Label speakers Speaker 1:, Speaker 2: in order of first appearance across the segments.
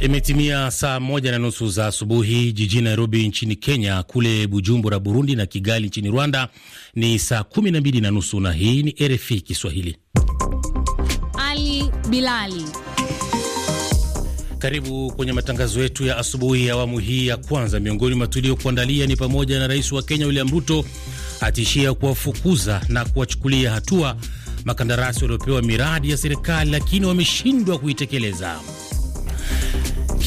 Speaker 1: Imetimia saa moja na nusu za asubuhi jijini Nairobi nchini Kenya. Kule Bujumbura Burundi na Kigali nchini Rwanda ni saa kumi na mbili na nusu na hii ni RFI Kiswahili.
Speaker 2: Ali Bilali,
Speaker 1: karibu kwenye matangazo yetu ya asubuhi ya awamu hii ya kwanza. Miongoni mwa tuliokuandalia ni pamoja na rais wa Kenya William Ruto atishia kuwafukuza na kuwachukulia hatua makandarasi waliopewa miradi ya serikali lakini wameshindwa kuitekeleza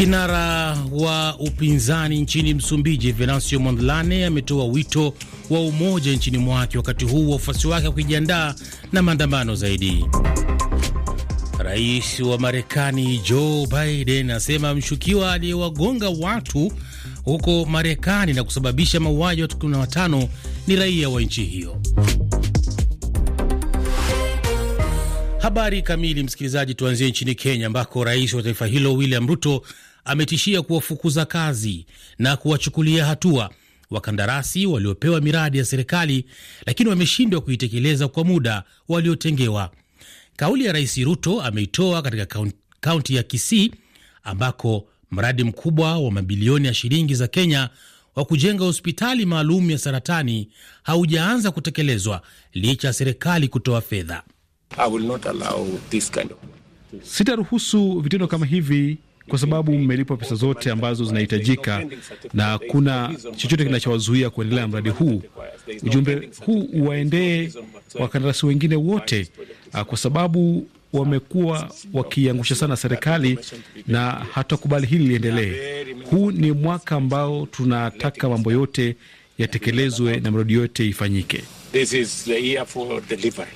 Speaker 1: Kinara wa upinzani nchini Msumbiji, Venancio Mondlane ametoa wito wa umoja nchini mwake, wakati huu wafuasi wake wakijiandaa na maandamano zaidi. Rais wa Marekani Joe Biden asema mshukiwa aliyewagonga watu huko Marekani na kusababisha mauaji watu 15 ni raia wa nchi hiyo. Habari kamili, msikilizaji, tuanzie nchini Kenya ambako rais wa taifa hilo William Ruto ametishia kuwafukuza kazi na kuwachukulia hatua wakandarasi waliopewa miradi ya serikali lakini wameshindwa kuitekeleza kwa muda waliotengewa. Kauli ya Rais Ruto ameitoa katika kaunti ya Kisii ambako mradi mkubwa wa mabilioni ya shilingi za Kenya wa kujenga hospitali maalum ya saratani haujaanza kutekelezwa licha ya serikali kutoa fedha. Kind of...
Speaker 2: sitaruhusu vitendo kama hivi kwa sababu mmelipwa pesa zote ambazo zinahitajika na hakuna chochote kinachowazuia kuendelea na mradi huu. Ujumbe huu uwaendee wakandarasi wengine wote, ah, kwa sababu wamekuwa wakiangusha sana serikali na hatakubali hili liendelee. Huu ni mwaka ambao tunataka mambo yote yatekelezwe na mradi yote ifanyike.
Speaker 1: This is the year for delivery.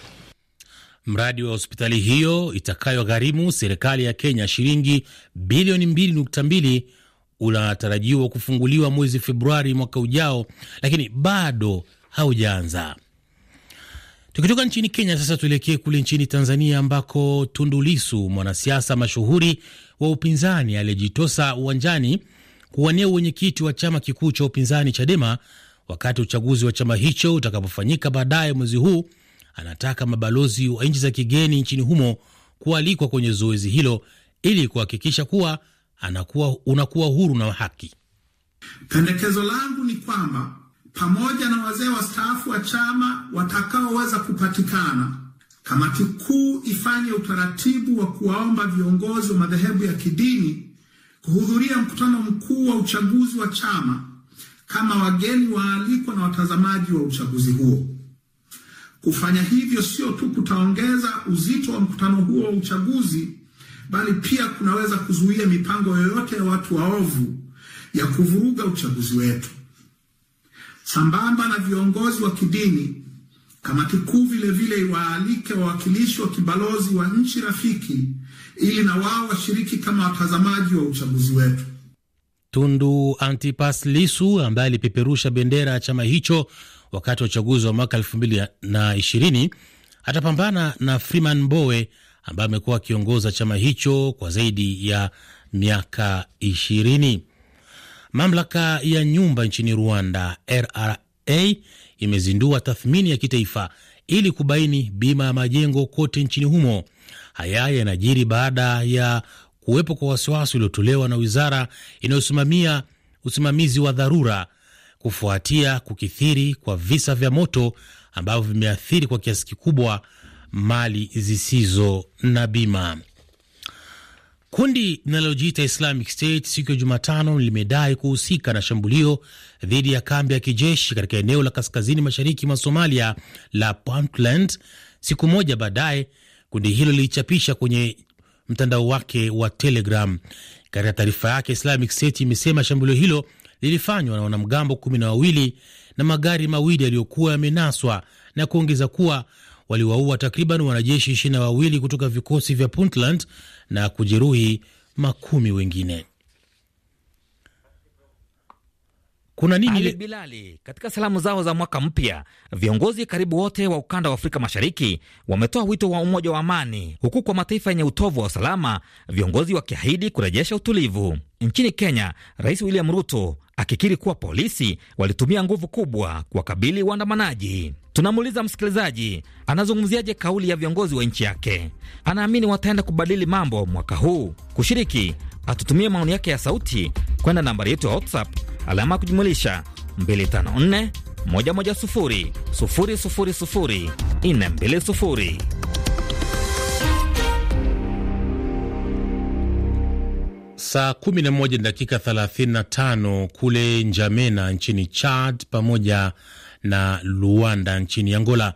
Speaker 1: Mradi wa hospitali hiyo itakayogharimu serikali ya Kenya shilingi bilioni 2.2 unatarajiwa kufunguliwa mwezi Februari mwaka ujao, lakini bado haujaanza. Tukitoka nchini Kenya sasa, tuelekee kule nchini Tanzania ambako Tundu Lissu, mwanasiasa mashuhuri wa upinzani aliyejitosa uwanjani kuwania uwenyekiti wa chama kikuu cha upinzani Chadema wakati uchaguzi wa chama hicho utakapofanyika baadaye mwezi huu anataka mabalozi wa nchi za kigeni nchini humo kualikwa kwenye zoezi hilo ili kuhakikisha kuwa anakuwa unakuwa huru na haki. Pendekezo langu ni kwamba pamoja na wazee wastaafu wa chama watakaoweza kupatikana, kamati kuu ifanye utaratibu wa kuwaomba viongozi wa madhehebu ya kidini kuhudhuria mkutano mkuu wa uchaguzi wa chama kama wageni waalikwa na watazamaji wa uchaguzi huo. Kufanya hivyo sio tu kutaongeza uzito wa mkutano huo wa uchaguzi, bali pia kunaweza kuzuia mipango yoyote ya watu waovu ya kuvuruga uchaguzi wetu. Sambamba na viongozi wa kidini, kamati kuu vilevile iwaalike wawakilishi wa kibalozi wa nchi rafiki ili na wao washiriki kama watazamaji wa uchaguzi wetu. Tundu Antipas Lisu ambaye alipeperusha bendera ya chama hicho wakati wa uchaguzi wa mwaka elfu mbili na ishirini atapambana na Freeman Mbowe ambaye amekuwa akiongoza chama hicho kwa zaidi ya miaka ishirini. Mamlaka ya nyumba nchini Rwanda RRA imezindua tathmini ya kitaifa ili kubaini bima ya majengo kote nchini humo. Haya yanajiri baada ya kuwepo kwa wasiwasi uliotolewa na wizara inayosimamia usimamizi wa dharura kufuatia kukithiri kwa visa vya moto ambavyo vimeathiri kwa kiasi kikubwa mali zisizo na bima. Kundi linalojiita Islamic State siku ya Jumatano limedai kuhusika na shambulio dhidi ya kambi ya kijeshi katika eneo la kaskazini mashariki mwa Somalia la Puntland. Siku moja baadaye, kundi hilo lilichapisha kwenye mtandao wake wa Telegram. Katika taarifa yake, Islamic State imesema shambulio hilo lilifanywa na wanamgambo kumi na wawili na magari mawili yaliyokuwa yamenaswa, na kuongeza kuwa waliwaua takriban wanajeshi ishirini na wawili kutoka vikosi vya Puntland na kujeruhi makumi wengine. Kuna nini Ali Bilali,
Speaker 2: katika salamu zao za mwaka mpya, viongozi karibu wote wa ukanda wa Afrika Mashariki wametoa wito wa umoja wa amani, huku kwa mataifa yenye utovu wa usalama viongozi wakiahidi kurejesha utulivu. Nchini Kenya, Rais William Ruto akikiri kuwa polisi walitumia nguvu kubwa kuwakabili waandamanaji. Tunamuuliza msikilizaji, anazungumziaje kauli ya viongozi wa nchi yake? Anaamini wataenda kubadili mambo mwaka huu? Kushiriki, atutumie maoni yake ya sauti kwenda nambari yetu ya WhatsApp alama ya kujumulisha 254 110 000 sufuri. Saa
Speaker 1: 11 dakika 35 kule Njamena nchini Chad pamoja na Luanda nchini Angola.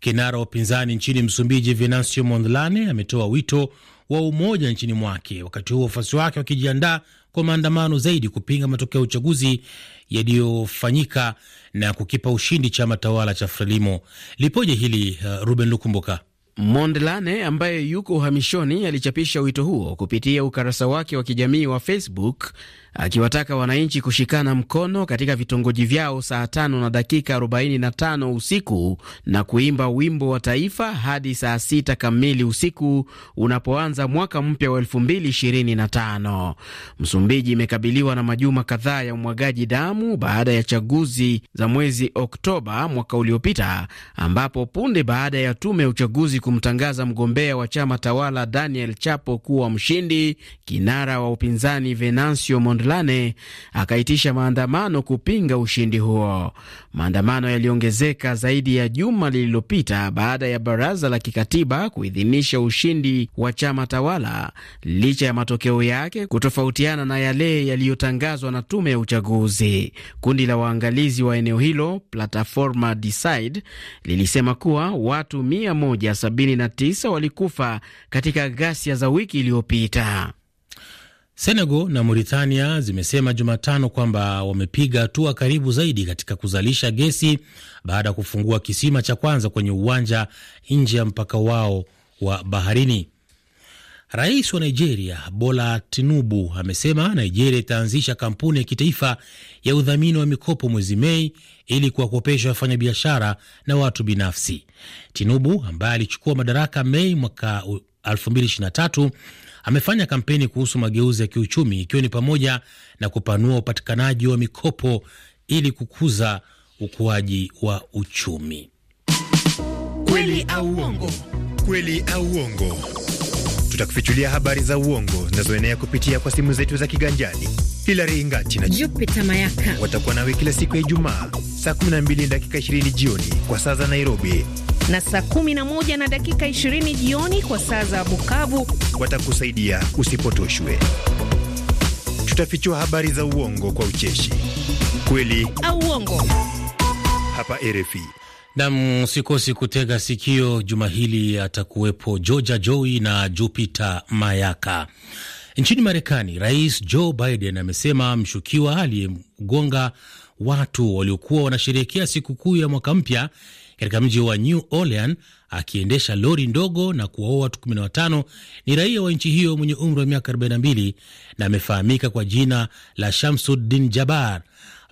Speaker 1: Kinara wa upinzani nchini Msumbiji Venancio Mondlane ametoa wito wa umoja nchini mwake, wakati huo wafuasi wake wakijiandaa kwa maandamano zaidi kupinga matokeo ya uchaguzi yaliyofanyika
Speaker 2: na kukipa ushindi chama tawala cha Frelimo. Lipoje hili uh, Ruben Lukumbuka? Mondelane ambaye yuko uhamishoni alichapisha wito huo kupitia ukarasa wake wa kijamii wa Facebook akiwataka wananchi kushikana mkono katika vitongoji vyao saa tano na dakika 45 usiku na kuimba wimbo wa taifa hadi saa sita kamili usiku unapoanza mwaka mpya wa 2025. Msumbiji imekabiliwa na majuma kadhaa ya umwagaji damu baada ya chaguzi za mwezi Oktoba mwaka uliopita, ambapo punde baada ya tume ya uchaguzi kumtangaza mgombea wa chama tawala Daniel Chapo kuwa mshindi, kinara wa upinzani Venancio lane akaitisha maandamano kupinga ushindi huo. Maandamano yaliongezeka zaidi ya juma lililopita baada ya baraza la kikatiba kuidhinisha ushindi wa chama tawala licha ya matokeo yake kutofautiana na yale yaliyotangazwa na tume ya uchaguzi. Kundi la waangalizi wa eneo hilo Plataforma Decide lilisema kuwa watu 179 walikufa katika ghasia za wiki iliyopita.
Speaker 1: Senegal na Mauritania zimesema Jumatano kwamba wamepiga hatua karibu zaidi katika kuzalisha gesi baada ya kufungua kisima cha kwanza kwenye uwanja nje ya mpaka wao wa baharini. Rais wa Nigeria Bola Tinubu amesema Nigeria itaanzisha kampuni ya kitaifa ya udhamini wa mikopo mwezi Mei ili kuwakopesha wafanyabiashara na watu binafsi. Tinubu ambaye alichukua madaraka Mei mwaka 2023 amefanya kampeni kuhusu mageuzi ya kiuchumi ikiwa ni pamoja na kupanua upatikanaji wa mikopo ili kukuza ukuaji wa uchumi.
Speaker 2: Kweli au uongo? Kweli au
Speaker 1: uongo? Tutakufichulia habari za uongo zinazoenea kupitia kwa simu zetu za kiganjani. Hilari Ingati na
Speaker 2: Jupita Mayaka
Speaker 1: watakuwa nawe kila siku ya Ijumaa saa 12 dakika 20 jioni kwa saa za Nairobi
Speaker 2: na saa 11 na dakika 20 jioni kwa saa za Bukavu.
Speaker 1: Watakusaidia usipotoshwe. Tutafichua habari za uongo kwa ucheshi, kweli
Speaker 2: au uongo,
Speaker 1: hapa RFI. Nam, usikosi kutega sikio. Juma hili atakuwepo Georgia joi na Jupiter Mayaka. Nchini Marekani, Rais Joe Biden amesema mshukiwa aliyemgonga watu waliokuwa wanasherehekea sikukuu ya mwaka mpya katika mji wa New Orleans akiendesha lori ndogo na kuwaua watu 15. Ni raia wa nchi hiyo mwenye umri wa miaka 42 na amefahamika kwa jina la Shamsuddin jabar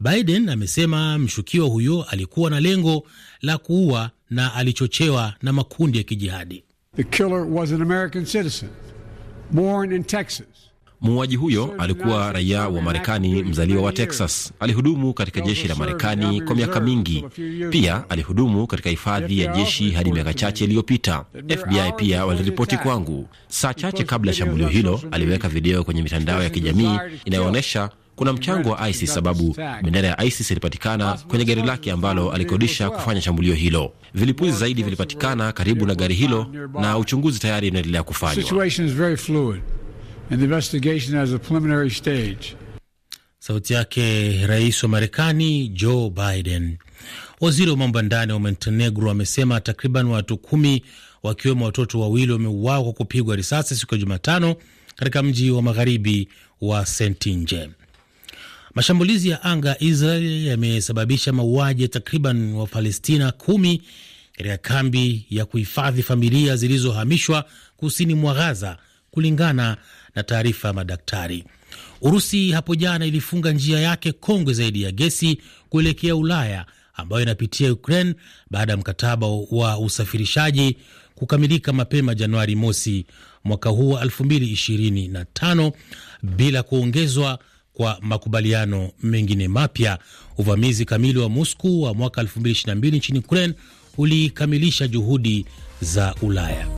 Speaker 1: Biden amesema mshukiwa huyo alikuwa na lengo la kuua na alichochewa na makundi ya kijihadi.
Speaker 2: The killer was an American citizen born in Texas. Muuaji
Speaker 1: huyo alikuwa raia wa Marekani, mzaliwa wa Texas. Alihudumu katika jeshi la Marekani kwa miaka mingi, pia alihudumu katika hifadhi ya jeshi hadi miaka chache iliyopita. FBI pia waliripoti kwangu. Saa chache kabla ya shambulio hilo, aliweka video kwenye mitandao ya kijamii inayoonyesha kuna mchango wa ISIS sababu bendera ya ISIS ilipatikana kwenye gari lake ambalo alikodisha kufanya shambulio hilo. Vilipuzi zaidi vilipatikana karibu na gari hilo, na uchunguzi tayari unaendelea kufanywa
Speaker 2: and the investigation has a preliminary stage.
Speaker 1: Sauti yake Rais wa Marekani Joe Biden. Waziri wa mambo ya ndani wa Montenegro amesema takriban watu kumi wakiwemo watoto wawili wameuawa kwa kupigwa risasi siku ya Jumatano katika mji wa magharibi wa Sentinje. Mashambulizi ya anga ya Israel yamesababisha mauaji ya takriban Wapalestina kumi katika kambi ya kuhifadhi familia zilizohamishwa kusini mwa Ghaza kulingana na taarifa ya madaktari. Urusi hapo jana ilifunga njia yake kongwe zaidi ya gesi kuelekea Ulaya ambayo inapitia Ukraine baada ya mkataba wa usafirishaji kukamilika mapema Januari mosi mwaka huu wa 2025 bila kuongezwa kwa makubaliano mengine mapya. Uvamizi kamili wa Moscow wa mwaka 2022 nchini Ukraine ulikamilisha juhudi za Ulaya.